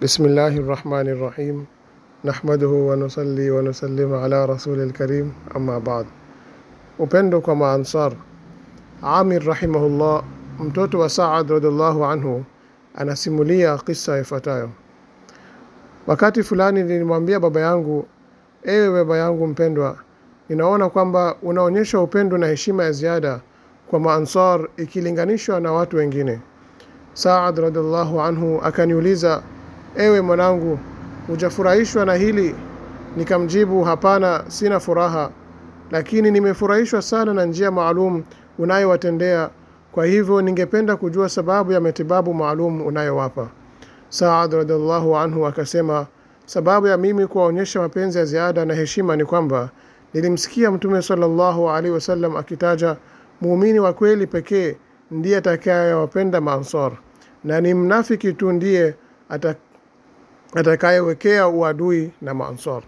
Bismillahi rahmani rahim nahmaduhu wanusali wanusalim ala rasuli lkarim amma baad. Upendo kwa Maansar. Amir rahimahullah, mtoto wa Saad radhiallahu anhu, anasimulia kisa ifuatayo: wakati fulani nilimwambia baba yangu, ewe baba yangu mpendwa, ninaona kwamba unaonyesha upendo na heshima ya ziada kwa Maansar ikilinganishwa na watu wengine. Saad radhiallahu anhu akaniuliza Ewe mwanangu, hujafurahishwa na hili? Nikamjibu, hapana, sina furaha, lakini nimefurahishwa sana na njia maalum unayowatendea. Kwa hivyo ningependa kujua sababu ya matibabu maalum unayowapa. Saad radhiallahu anhu akasema, sababu ya mimi kuwaonyesha mapenzi ya ziada na heshima ni kwamba nilimsikia Mtume sallallahu alaihi wasallam akitaja muumini wa kweli pekee ndiye atakayewapenda Mansar na ni mnafiki tu ndiye atakayewekea uadui na Maansar.